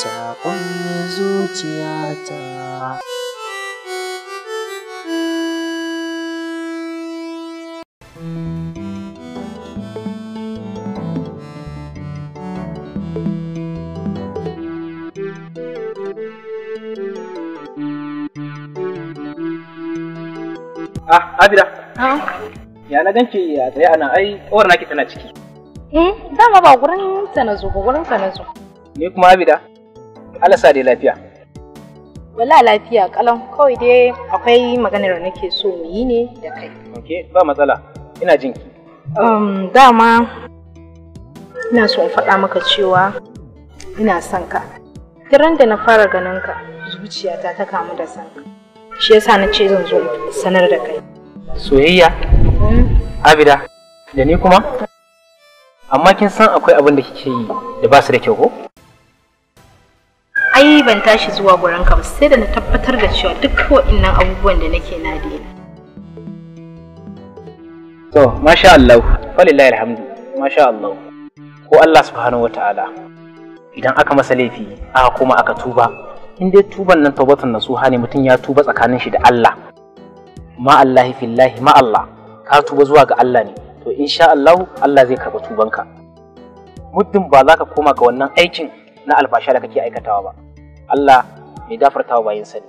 saƙon zuciyata. Ah, Abida. Ya na ganke a tsaye ana ai kawar naki tana ciki. Eh, dama ba gurin ta na zo, gurin ka na zo. Ni kuma Abida, alasa dai lafiya wala lafiya kalan kawai dai akwai maganar da nake so mu yi ne da kai okay ba matsala ina jin ki um dama ina so in faɗa maka cewa ina son ka tiran da na fara ganin ka zuciyata ta kamu da son ka shi yasa na ce zan zo sanar da kai soyayya hmm? abida da ni kuma amma kin san akwai abin da kike yi da ba su da kyau ko ai ban tashi zuwa gurin ka ba sai da na tabbatar da cewa duk waɗannan abubuwan da nake na daina to masha Allah walillahi alhamdu masha Allah ko Allah subhanahu wataala idan aka masa laifi aka kuma aka tuba in dai tuban nan tawbatan nasuha ne mutum ya tuba tsakanin shi da Allah ma Allah fillahi ma Allah ka tuba zuwa ga Allah ne to insha Allah Allah zai karɓi tubanka muddin ba za ka koma ga wannan aikin na albasha da kake aikatawa ba Allah mai gafartawa wa bayinsa ne.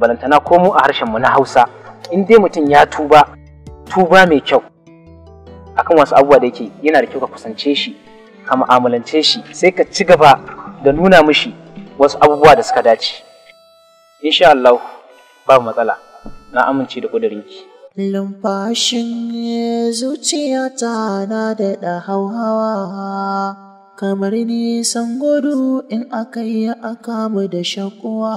balantana ko mu a harshen mu na Hausa in dai mutum ya tuba tuba mai kyau akan wasu abubuwa da yake yana da kyau ka kusance shi ka mu'amalance shi sai ka ci gaba da nuna mishi wasu abubuwa da suka dace insha Allah babu matsala na amince da kudirinki lumfashin zuciyata na da hauhawa kamar nisan gudu in aka yi aka mu da shakuwa.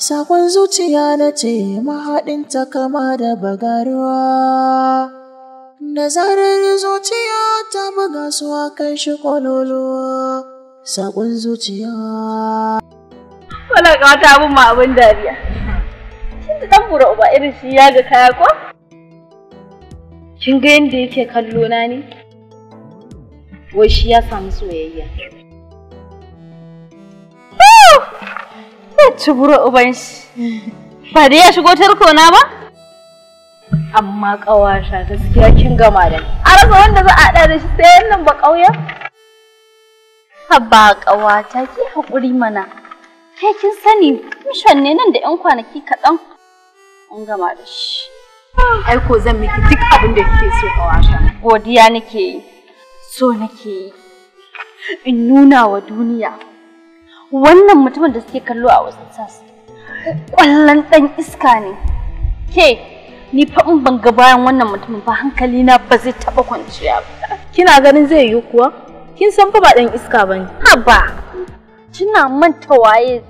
Sakon zuciya na ce mahaɗin ta kama da bagaruwa. na zarar zuciya ta buga su a kan shi kwaloluwa. Sakon zuciya. Wala wata abin ma abin dariya. Shin da ɗan bura uba irin shi ya ga kaya ko? Kin ga yadda yake kallo na ne? wai shi ya samu soyayya. buru uban shi, ba ya shigo tarkona ba? Amma ƙawata gaskiya kin gama da ni. A rasa wanda za a haɗa da shi sai yannan ba ƙauyen? Haba ƙawata ki haƙuri mana. Kai kin sani mishan ne nan da 'yan kwanaki kaɗan. An gama da shi. Aiko zan miki duk abin da kike so ƙawata. Godiya nake yi. so nake yi in nuna wa duniya wannan mutumin da suke kallo a wasu ƙwallon ɗan iska ne ke ni fa in ban ga bayan wannan mutumin ba hankali na ba zai taɓa kwanciya ba kina ganin zai yi kuwa kin san fa ba ɗan iska ba ne haba kina manta waye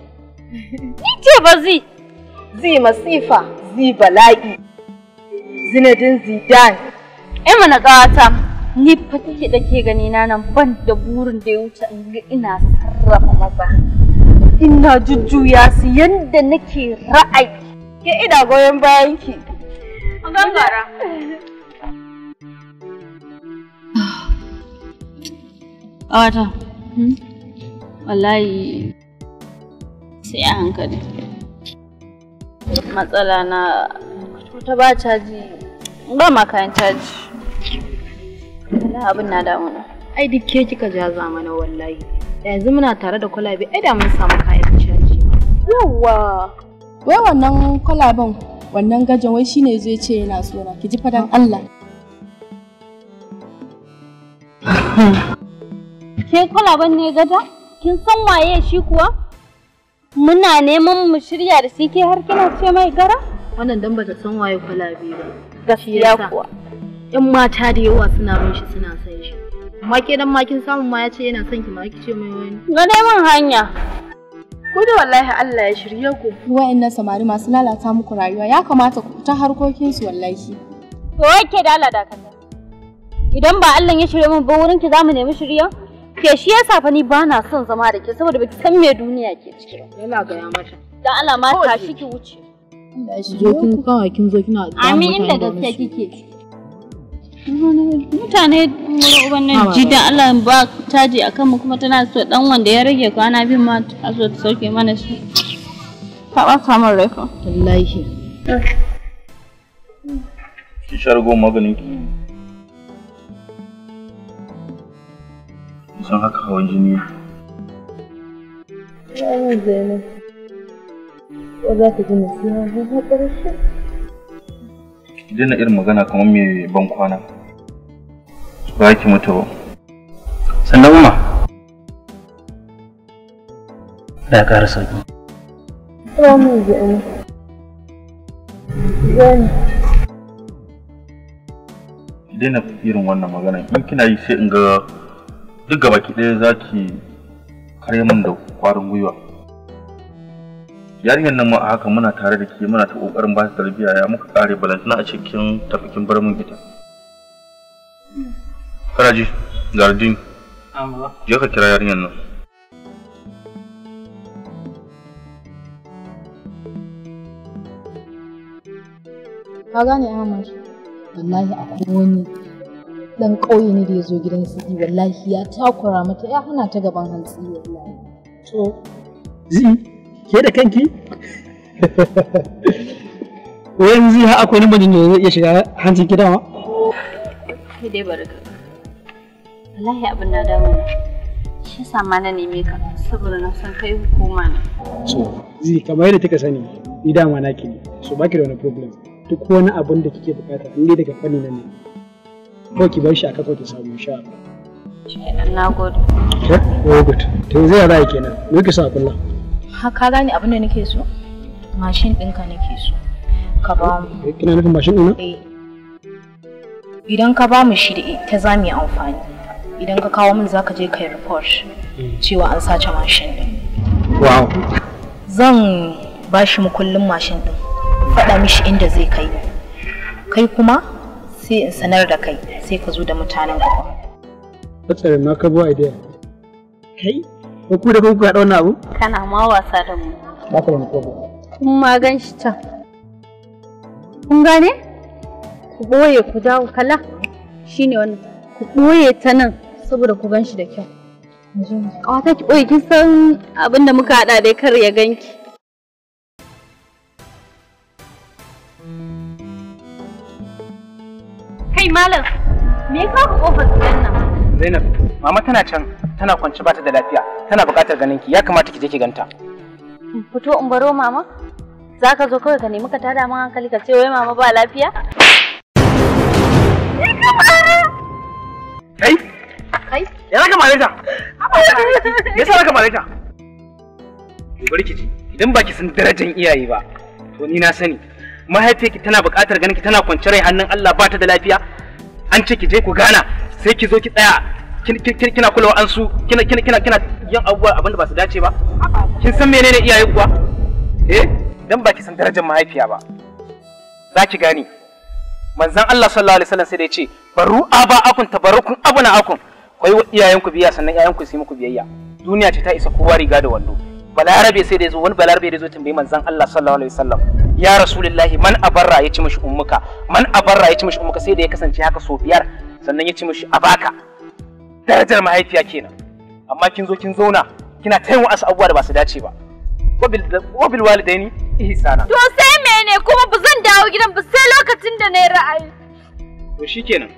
ni ce ba zai zai masifa zai bala'i zinadin zidan ai mana ƙawata ni fa kike da ke gani na nan ban da burin da ya wuce in ga ina sarrafa maza ina jujjuya su yanda nake ra'ayi ke ina goyon bayan ki gangara Awata, hmm? wallahi sai a hankali. Matsala na ta ba caji ba ma kayan caji. Allah abin na damuna. Ai duk ke kika jaza mana wallahi. Yanzu muna tare da kwalabe ai da mun samu kayan caji. Yawwa. Wai wannan kwalaben wannan gajan wai shine zai ce yana tsora ki ji fadan Allah. Ke kwalaben ne gaja? Kin san waye shi kuwa? Muna neman mu shirya da shi ke har kina ce mai gara? Wannan dan bata san waye kwalabe ba. Gaskiya kuwa. 'yan mata da yawa suna bin shi suna son shi amma ke dan ma kin samu ma ya ce yana son ki ma kike mai wani ga dai mun hanya ku da wallahi Allah ya shirye ku wa'annan samari masu lalata muku rayuwa ya kamata ku ta harkokin su wallahi to wake da Allah da kanta idan ba Allah ya shirye mun ba wurin ki zamu nemi shirye ke shi yasa fa ni ba na son zama da ke saboda baki san me duniya ke ciki yana ga mata dan Allah ma ta shi ki wuce Allah ya shirye kawai kin zo kina da mutane amin inda gaskiya kike mutane wannan jidan Allah ba taji a kanmu kuma tana so dan wanda ya rage kwana biyu ma a so ta sauke mana shi ta ɓata min rai fa wallahi ki shargo maganin ki san haka hawan jini Yawon Zainab, ko za ka ji nasiha har ƙarshe? Ki dina irin magana kamar mai ban kwana. ba ki mutu ba sannan umma da ƙara sauki ba mu gani gani daina irin wannan magana in kina yi sai in ga duk gaba ki ɗaya za ki kare min da kwarin gwiwa yarinyar nan ma a haka muna tare da ke muna ta ƙoƙarin ba ta tarbiyya ya muka ƙare balantana a cikin tafikin bar min ita Kana ji? Zardin. Amma. Je ka kira yarinyar nan. Ka gane Ahmad. Wallahi akwai wani dan ƙauye ne da ya zo gidan sidi wallahi ya takura mata ya hana ta gaban hantsi wallahi. To. Zi, ke da kanki? Wayan zi ha akwai namijin da zai iya shiga hancin gidan wa? Kai dai barka. wallahi abin na damu na shi yasa ma na neme ka saboda na san kai hukuma ne so zi kamar yadda kika sani ni dama na ki ne so baki da wani problem duk wani abin da kike bukata in dai daga fanni na ne ko ki bar shi a kafa ki samu insha Allah na gode ke very good to zai ra'ayi kenan me kike sa kullum ha ka gane abin da nake so mashin ɗinka nake so ka ba mu eh, kina nufin mashin ɗin na? Eh. idan ka ba mu shi da ita za mu yi amfani idan ka kawo min za ka je kai report mm. cewa an sace mashin din wow zan ba shi mukullin mashin din faɗa mishi inda zai kai kai kuma sai in sanar da kai sai ka zo da mutanen gaba Fatsari na ka ba idea. Kai? Ko ku da kuka haɗa wani abu? Kana ma wasa da mu. Na ka wani kobo. Kun ma gan shi can. Kun gane? Ku ɓoye ku dawo kala. Shi ne wannan. Ku ɓoye ta nan. saboda ku gan shi da kyau. Kawata ki ɓoye kin san abin da muka haɗa dai kar ya ganki. Kai malam, me ka ku kofar gidan nan? Zainab, mama tana can, tana kwance bata da lafiya, tana buƙatar ganin ki, ya kamata ki je ki ganta. Fito in baro mama? Za ka zo kawai ka nemi ka tada min hankali ka ce wai mama ba lafiya? mare ta? Me yasa zaka mare ta? ki ji, idan baki san darajar iyaye ba, to ni na sani. Mahaifiyarki tana buƙatar ganin ki tana kwanciyar rai hannun Allah ba ta da lafiya. An ce ki je ku gana, sai ki zo ki tsaya kina kulawa an su kina kina kina kina yin abubuwa abin da ba su dace ba. Kin san menene iyaye kuwa? Eh, dan baki san darajar mahaifiya ba. Za ki gane. Manzon Allah sallallahu alaihi wasallam sai da ya ce, "Baru aba akun tabarukun abuna akun." kwai iyayen ku biyayya sannan iyayen ku su yi muku biyayya duniya ce ta isa kowa riga da wando balarabe sai da yazo wani balarabe da zo tambayi manzon Allah sallallahu alaihi wasallam ya rasulullahi man abarra ya ci mishi ummuka man abarra ya ci mishi ummuka sai da ya kasance haka so biyar sannan ya ci mishi abaka darajar mahaifiya kenan amma kin zo kin zauna kina ta asu wasu abubuwa da ba su dace ba wabil walidaini ihsana to sai mene kuma ba zan dawo gidan ba sai lokacin da na yi ra'ayi to shikenan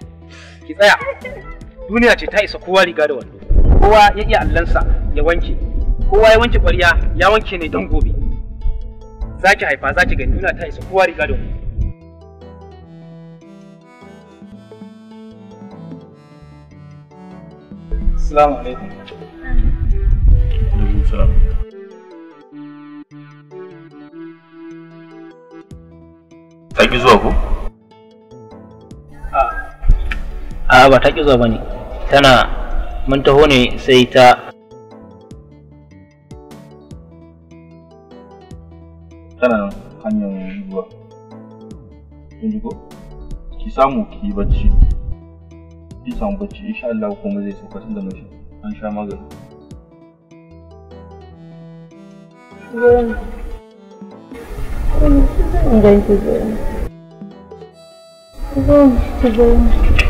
ki tsaya duniya ce ta isa kowa riga da wando kowa ya iya allansa ya wanke kowa ya wanke ƙwarya ya wanke ne don gobe za ki haifa za ki gani duniya ta isa kowa riga da wando Assalamu alaikum. Ta ki zuwa ku? A'a ba ta ki zuwa ba ne. tana mun taho ne sai ta tana hanyar zuwa kin ji ko ki samu ki yi bacci ki samu bacci insha Allah kuma zai sauka tun da mashi an sha magani Thank you.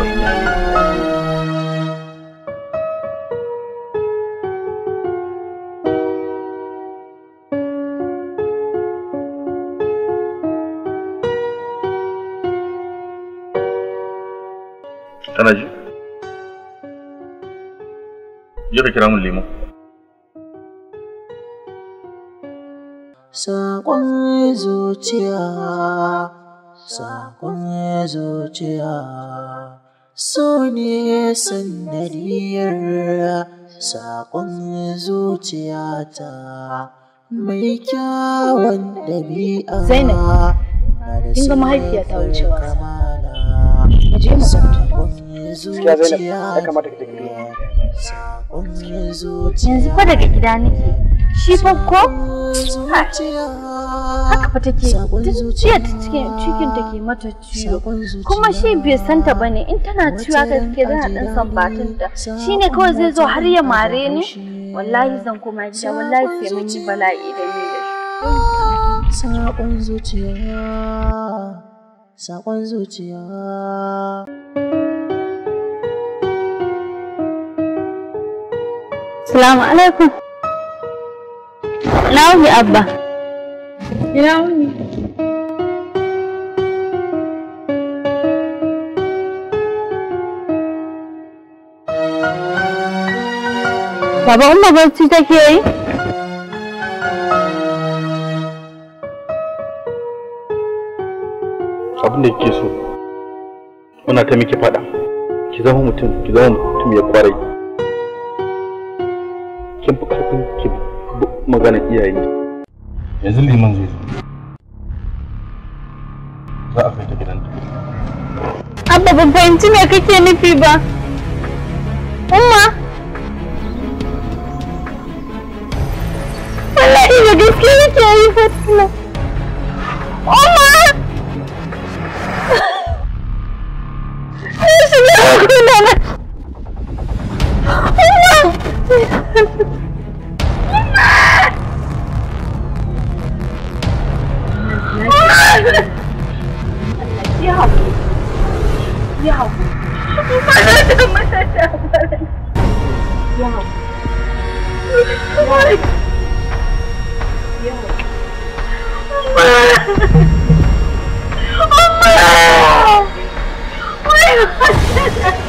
bakwai kana ji je ka kira min lemo saƙon zuciya saƙon zuciya so ne sandariyar saƙon zuciyata mai kyawun ɗabi'a Zainab, kin ga mahaifiya ta wuce wasa. Mu je mu Gaskiya Yanzu fa daga gida nake, shi fa ko? fa take jiya cikin cikin take mata ciwo kuma shi bai santa ne. in tana ciwa gaske za a ɗan san batun ta ne kawai zai zo har ya mare ni wallahi zan koma gida wallahi sai mun ci bala'i da ni da sakon zuciya sakon zuciya Salamu alaikum. Na abba. Ina wuni? Baba umma barci take yi? Abin da kike so, muna ta miki faɗa. Ki zama mutum, ki zama mutum ya kwarai. Kin fi ƙarfin ki magana iyayen yanzu liman zai zo za a kai ta gidan abba ban fahimci me kake nufi ba umma wallahi da gaske yake yi fatima Oh my god! Oh, oh, oh,